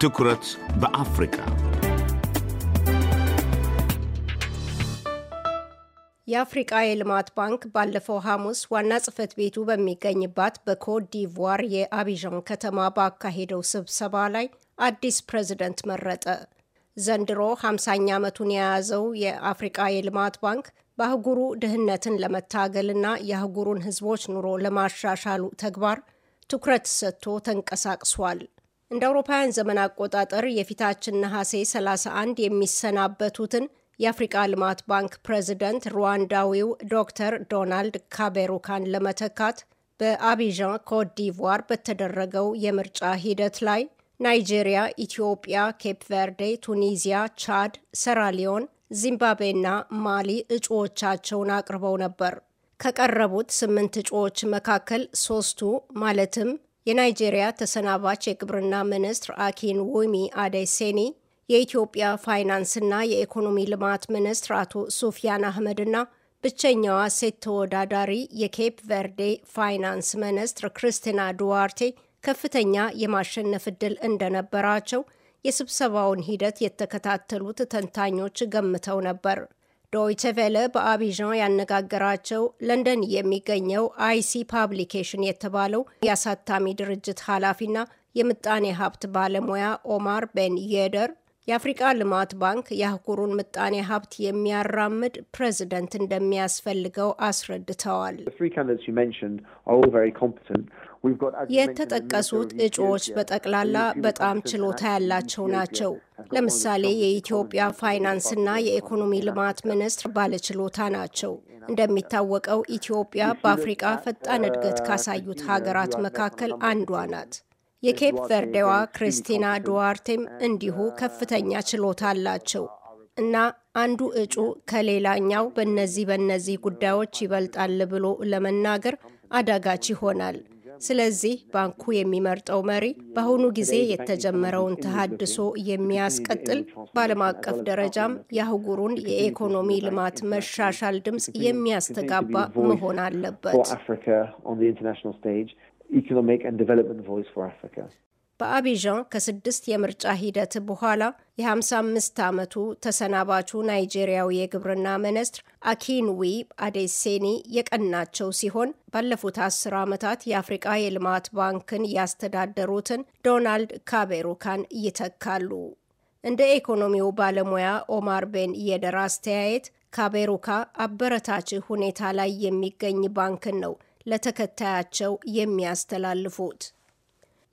ትኩረት በአፍሪካ የአፍሪቃ የልማት ባንክ ባለፈው ሐሙስ ዋና ጽህፈት ቤቱ በሚገኝባት በኮት ዲቯር የአቢዣን ከተማ ባካሄደው ስብሰባ ላይ አዲስ ፕሬዝደንት መረጠ። ዘንድሮ 50ኛ ዓመቱን የያዘው የአፍሪቃ የልማት ባንክ በአህጉሩ ድህነትን ለመታገልና የአህጉሩን ህዝቦች ኑሮ ለማሻሻሉ ተግባር ትኩረት ሰጥቶ ተንቀሳቅሷል። እንደ አውሮፓውያን ዘመን አቆጣጠር የፊታችን ነሐሴ 31 የሚሰናበቱትን የአፍሪቃ ልማት ባንክ ፕሬዚደንት ሩዋንዳዊው ዶክተር ዶናልድ ካቤሩካን ለመተካት በአቢዣን ኮት በተደረገው የምርጫ ሂደት ላይ ናይጄሪያ፣ ኢትዮጵያ፣ ኬፕ ቨርዴ፣ ቱኒዚያ፣ ቻድ፣ ሰራሊዮን፣ ዚምባብዌና ማሊ እጩዎቻቸውን አቅርበው ነበር። ከቀረቡት ስምንት እጩዎች መካከል ሶስቱ ማለትም የናይጄሪያ ተሰናባች የግብርና ሚኒስትር አኪን ዊሚ አዴሴኒ፣ የኢትዮጵያ ፋይናንስና የኢኮኖሚ ልማት ሚኒስትር አቶ ሱፊያን አህመድና ብቸኛዋ ሴት ተወዳዳሪ የኬፕ ቨርዴ ፋይናንስ ሚኒስትር ክርስቲና ዱዋርቴ ከፍተኛ የማሸነፍ ዕድል እንደነበራቸው የስብሰባውን ሂደት የተከታተሉት ተንታኞች ገምተው ነበር። ዶይቸ ቬለ በአቢዣን ያነጋገራቸው ለንደን የሚገኘው አይሲ ፓብሊኬሽን የተባለው የአሳታሚ ድርጅት ኃላፊና የምጣኔ ሀብት ባለሙያ ኦማር ቤን የደር የአፍሪቃ ልማት ባንክ የአህጉሩን ምጣኔ ሀብት የሚያራምድ ፕሬዝደንት እንደሚያስፈልገው አስረድተዋል። የተጠቀሱት እጩዎች በጠቅላላ በጣም ችሎታ ያላቸው ናቸው። ለምሳሌ የኢትዮጵያ ፋይናንስና የኢኮኖሚ ልማት ሚኒስትር ባለችሎታ ናቸው። እንደሚታወቀው ኢትዮጵያ በአፍሪቃ ፈጣን እድገት ካሳዩት ሀገራት መካከል አንዷ ናት። የኬፕ ቨርዴዋ ክሪስቲና ዱዋርቴም እንዲሁ uh, ከፍተኛ ችሎታ አላቸው እና አንዱ እጩ ከሌላኛው በነዚህ በነዚህ ጉዳዮች ይበልጣል ብሎ ለመናገር አዳጋች ይሆናል። ስለዚህ ባንኩ የሚመርጠው መሪ በአሁኑ ጊዜ የተጀመረውን ተሃድሶ የሚያስቀጥል በዓለም አቀፍ ደረጃም የአህጉሩን የኢኮኖሚ ልማት መሻሻል ድምፅ የሚያስተጋባ መሆን አለበት። economic and development ቮይስ ፎር አፍሪካ። በአቢዣን ከስድስት የምርጫ ሂደት በኋላ የ55 ዓመቱ ተሰናባቹ ናይጄሪያዊ የግብርና ሚኒስትር አኪንዊ አዴሴኒ የቀናቸው ሲሆን ባለፉት አስር ዓመታት የአፍሪቃ የልማት ባንክን ያስተዳደሩትን ዶናልድ ካቤሩካን ይተካሉ። እንደ ኢኮኖሚው ባለሙያ ኦማር ቤን የደር አስተያየት ካቤሩካ አበረታች ሁኔታ ላይ የሚገኝ ባንክን ነው ለተከታያቸው የሚያስተላልፉት።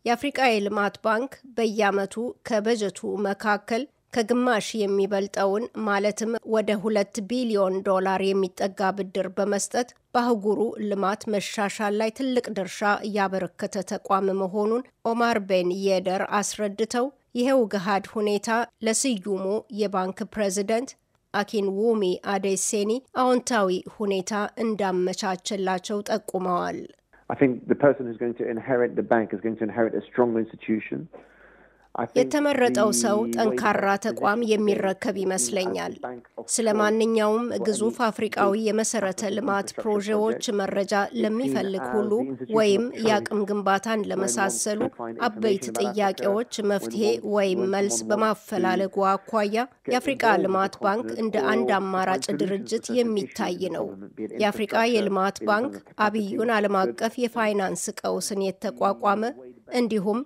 የአፍሪቃ የልማት ባንክ በየዓመቱ ከበጀቱ መካከል ከግማሽ የሚበልጠውን ማለትም ወደ ሁለት ቢሊዮን ዶላር የሚጠጋ ብድር በመስጠት በአህጉሩ ልማት መሻሻል ላይ ትልቅ ድርሻ ያበረከተ ተቋም መሆኑን ኦማር ቤን የደር አስረድተው ይኸው ገሃድ ሁኔታ ለስዩሙ የባንክ ፕሬዚደንት አዴሴኒ አዎንታዊ ሁኔታ ጠቁመዋል። I think the person who's going to inherit the bank is going to inherit a strong institution. የተመረጠው ሰው ጠንካራ ተቋም የሚረከብ ይመስለኛል። ስለ ማንኛውም ግዙፍ አፍሪቃዊ የመሰረተ ልማት ፕሮጀክቶች መረጃ uh, ለሚፈልግ ሁሉ ወይም የአቅም ግንባታን ለመሳሰሉ አበይት ጥያቄዎች መፍትሄ ወይም መልስ በማፈላለጉ አኳያ የአፍሪቃ ልማት ባንክ እንደ አንድ አማራጭ ድርጅት የሚታይ ነው። የአፍሪቃ የልማት ባንክ አብዩን ዓለም አቀፍ የፋይናንስ ቀውስን የተቋቋመ እንዲሁም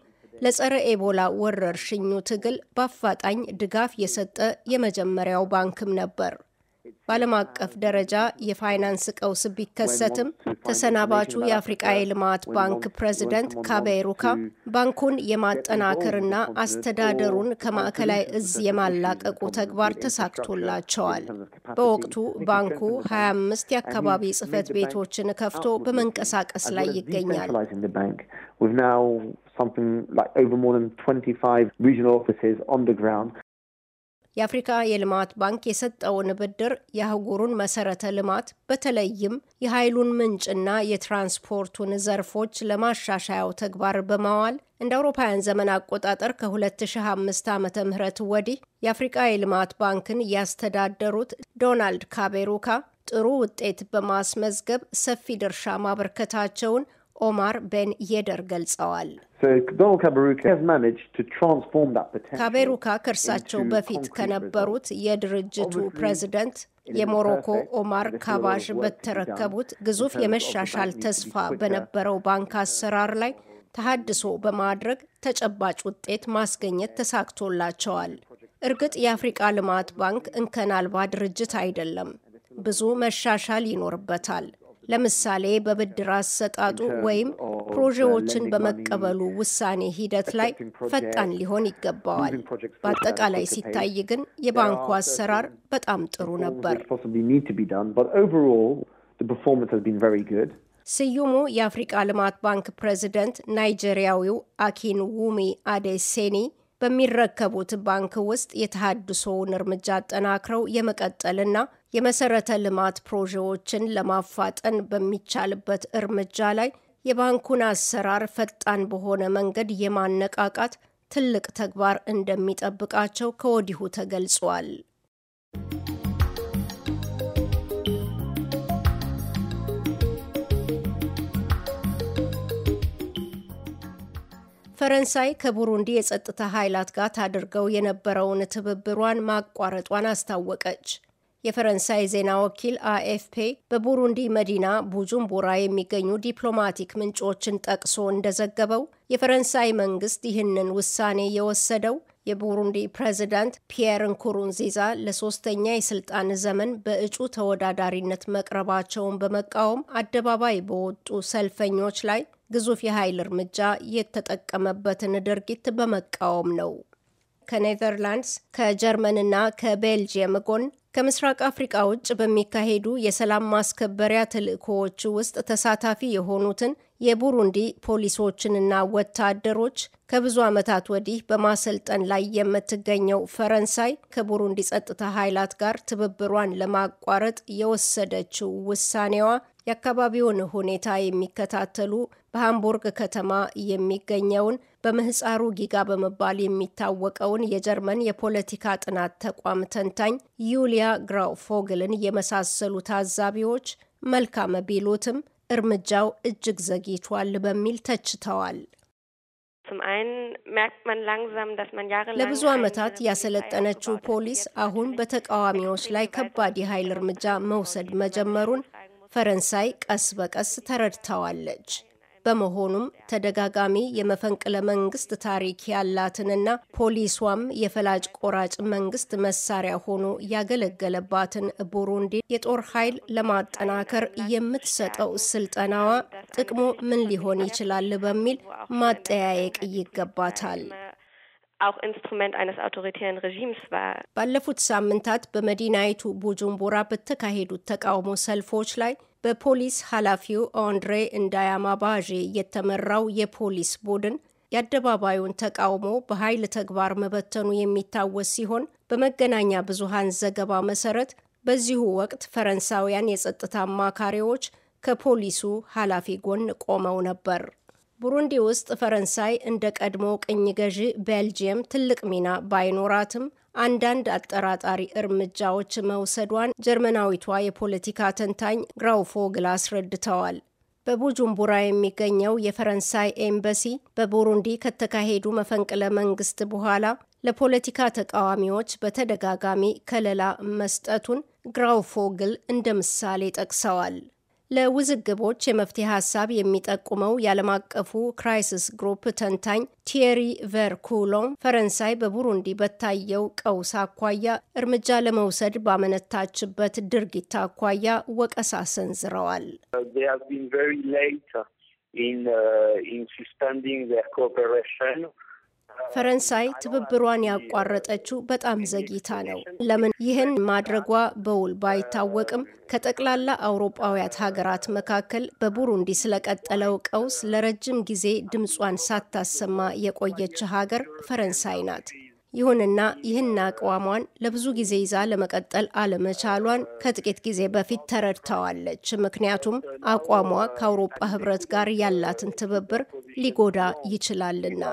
ለጸረ ኤቦላ ወረርሽኙ ትግል በአፋጣኝ ድጋፍ የሰጠ የመጀመሪያው ባንክም ነበር። በዓለም አቀፍ ደረጃ የፋይናንስ ቀውስ ቢከሰትም ተሰናባቹ የአፍሪቃ የልማት ባንክ ፕሬዚደንት ካቤሩካ ባንኩን የማጠናከርና አስተዳደሩን ከማዕከላዊ እዝ የማላቀቁ ተግባር ተሳክቶላቸዋል። በወቅቱ ባንኩ 25 የአካባቢ ጽህፈት ቤቶችን ከፍቶ በመንቀሳቀስ ላይ ይገኛል። something like over more than 25 regional offices on the ground. የአፍሪካ የልማት ባንክ የሰጠውን ብድር የአህጉሩን መሰረተ ልማት በተለይም የኃይሉን ምንጭና የትራንስፖርቱን ዘርፎች ለማሻሻያው ተግባር በማዋል እንደ አውሮፓውያን ዘመን አቆጣጠር ከ2005 ዓ ም ወዲህ የአፍሪቃ የልማት ባንክን ያስተዳደሩት ዶናልድ ካቤሩካ ጥሩ ውጤት በማስመዝገብ ሰፊ ድርሻ ማበርከታቸውን ኦማር ቤን የደር ገልጸዋል። ካቤሩካ ከእርሳቸው በፊት ከነበሩት የድርጅቱ ፕሬዚደንት የሞሮኮ ኦማር ካባዥ በተረከቡት ግዙፍ የመሻሻል ተስፋ በነበረው ባንክ አሰራር ላይ ተሃድሶ በማድረግ ተጨባጭ ውጤት ማስገኘት ተሳክቶላቸዋል። እርግጥ የአፍሪቃ ልማት ባንክ እንከን አልባ ድርጅት አይደለም፣ ብዙ መሻሻል ይኖርበታል። ለምሳሌ በብድር አሰጣጡ ወይም uh, ፕሮጀዎችን በመቀበሉ ውሳኔ ሂደት ላይ ፈጣን ሊሆን ይገባዋል። በአጠቃላይ ሲታይ ግን የባንኩ አሰራር በጣም ጥሩ ነበር። ስዩሙ የአፍሪቃ ልማት ባንክ ፕሬዚደንት ናይጄሪያዊው አኪን ውሚ አዴሴኒ በሚረከቡት ባንክ ውስጥ የተሃድሶውን እርምጃ አጠናክረው የመቀጠልና የመሰረተ ልማት ፕሮጀዎችን ለማፋጠን በሚቻልበት እርምጃ ላይ የባንኩን አሰራር ፈጣን በሆነ መንገድ የማነቃቃት ትልቅ ተግባር እንደሚጠብቃቸው ከወዲሁ ተገልጿል። ፈረንሳይ ከቡሩንዲ የጸጥታ ኃይላት ጋር ታድርገው የነበረውን ትብብሯን ማቋረጧን አስታወቀች። የፈረንሳይ ዜና ወኪል አኤፍፔ በቡሩንዲ መዲና ቡጁምቡራ የሚገኙ ዲፕሎማቲክ ምንጮችን ጠቅሶ እንደዘገበው የፈረንሳይ መንግስት ይህንን ውሳኔ የወሰደው የቡሩንዲ ፕሬዚዳንት ፒየር ንኩሩንዚዛ ለሶስተኛ የስልጣን ዘመን በእጩ ተወዳዳሪነት መቅረባቸውን በመቃወም አደባባይ በወጡ ሰልፈኞች ላይ ግዙፍ የኃይል እርምጃ የተጠቀመበትን ድርጊት በመቃወም ነው። ከኔዘርላንድስ ከጀርመንና ከቤልጅየም ጎን ከምስራቅ አፍሪቃ ውጭ በሚካሄዱ የሰላም ማስከበሪያ ተልእኮዎች ውስጥ ተሳታፊ የሆኑትን የቡሩንዲ ፖሊሶችንና ወታደሮች ከብዙ ዓመታት ወዲህ በማሰልጠን ላይ የምትገኘው ፈረንሳይ ከቡሩንዲ ጸጥታ ኃይላት ጋር ትብብሯን ለማቋረጥ የወሰደችው ውሳኔዋ የአካባቢውን ሁኔታ የሚከታተሉ በሃምቡርግ ከተማ የሚገኘውን በምህፃሩ ጊጋ በመባል የሚታወቀውን የጀርመን የፖለቲካ ጥናት ተቋም ተንታኝ ዩሊያ ግራውፎግልን የመሳሰሉ ታዛቢዎች መልካም ቢሉትም እርምጃው እጅግ ዘግይቷል በሚል ተችተዋል። ለብዙ ዓመታት ያሰለጠነችው ፖሊስ አሁን በተቃዋሚዎች ላይ ከባድ የኃይል እርምጃ መውሰድ መጀመሩን ፈረንሳይ ቀስ በቀስ ተረድታዋለች። በመሆኑም ተደጋጋሚ የመፈንቅለ መንግስት ታሪክ ያላትንና ፖሊሷም የፈላጭ ቆራጭ መንግስት መሳሪያ ሆኖ ያገለገለባትን ቡሩንዲ የጦር ኃይል ለማጠናከር የምትሰጠው ስልጠናዋ ጥቅሙ ምን ሊሆን ይችላል በሚል ማጠያየቅ ይገባታል። auch Instrument eines autoritären Regimes war። ባለፉት ሳምንታት በመዲናይቱ ቡጁምቡራ በተካሄዱት ተቃውሞ ሰልፎች ላይ በፖሊስ ኃላፊው ኦንድሬ እንዳያማባዤ የተመራው የፖሊስ ቡድን የአደባባዩን ተቃውሞ በኃይል ተግባር መበተኑ የሚታወስ ሲሆን በመገናኛ ብዙሃን ዘገባ መሰረት በዚሁ ወቅት ፈረንሳውያን የጸጥታ አማካሪዎች ከፖሊሱ ኃላፊ ጎን ቆመው ነበር። ቡሩንዲ ውስጥ ፈረንሳይ እንደ ቀድሞ ቅኝ ገዢ ቤልጅየም ትልቅ ሚና ባይኖራትም አንዳንድ አጠራጣሪ እርምጃዎች መውሰዷን ጀርመናዊቷ የፖለቲካ ተንታኝ ግራውፎግል አስረድተዋል። በቡጁምቡራ የሚገኘው የፈረንሳይ ኤምባሲ በቡሩንዲ ከተካሄዱ መፈንቅለ መንግስት በኋላ ለፖለቲካ ተቃዋሚዎች በተደጋጋሚ ከለላ መስጠቱን ግራውፎግል እንደ ምሳሌ ጠቅሰዋል። ለውዝግቦች የመፍትሄ ሀሳብ የሚጠቁመው የዓለም አቀፉ ክራይሲስ ግሩፕ ተንታኝ ቲየሪ ቨርኩሎን ፈረንሳይ በቡሩንዲ በታየው ቀውስ አኳያ እርምጃ ለመውሰድ ባመነታችበት ድርጊት አኳያ ወቀሳ ሰንዝረዋል። ፈረንሳይ ትብብሯን ያቋረጠችው በጣም ዘግይታ ነው። ለምን ይህን ማድረጓ በውል ባይታወቅም ከጠቅላላ አውሮጳውያት ሀገራት መካከል በቡሩንዲ ስለቀጠለው ቀውስ ለረጅም ጊዜ ድምጿን ሳታሰማ የቆየች ሀገር ፈረንሳይ ናት። ይሁንና ይህን አቋሟን ለብዙ ጊዜ ይዛ ለመቀጠል አለመቻሏን ከጥቂት ጊዜ በፊት ተረድተዋለች። ምክንያቱም አቋሟ ከአውሮፓ ሕብረት ጋር ያላትን ትብብር ሊጎዳ ይችላልና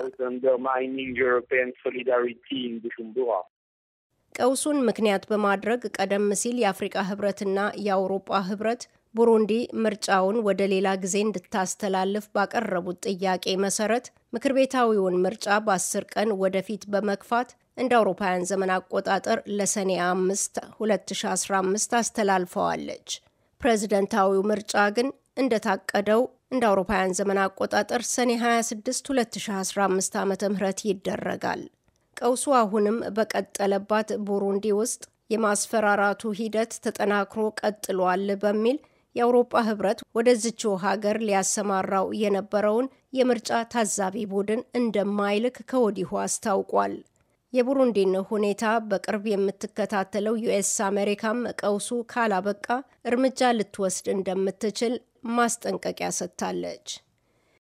ቀውሱን ምክንያት በማድረግ ቀደም ሲል የአፍሪቃ ህብረትና የአውሮጳ ህብረት ቡሩንዲ ምርጫውን ወደ ሌላ ጊዜ እንድታስተላልፍ ባቀረቡት ጥያቄ መሰረት ምክር ቤታዊውን ምርጫ በአስር ቀን ወደፊት በመግፋት እንደ አውሮፓውያን ዘመን አቆጣጠር ለሰኔ 5 2015 አስተላልፈዋለች። ፕሬዝደንታዊው ምርጫ ግን እንደታቀደው እንደ አውሮፓውያን ዘመን አቆጣጠር ሰኔ 26 2015 ዓ ም ይደረጋል። ቀውሱ አሁንም በቀጠለባት ቡሩንዲ ውስጥ የማስፈራራቱ ሂደት ተጠናክሮ ቀጥሏል በሚል የአውሮፓ ህብረት ወደዝችው ሀገር ሊያሰማራው የነበረውን የምርጫ ታዛቢ ቡድን እንደማይልክ ከወዲሁ አስታውቋል። የቡሩንዲን ሁኔታ በቅርብ የምትከታተለው ዩኤስ አሜሪካም ቀውሱ ካላበቃ እርምጃ ልትወስድ እንደምትችል ማስጠንቀቂያ ሰጥታለች።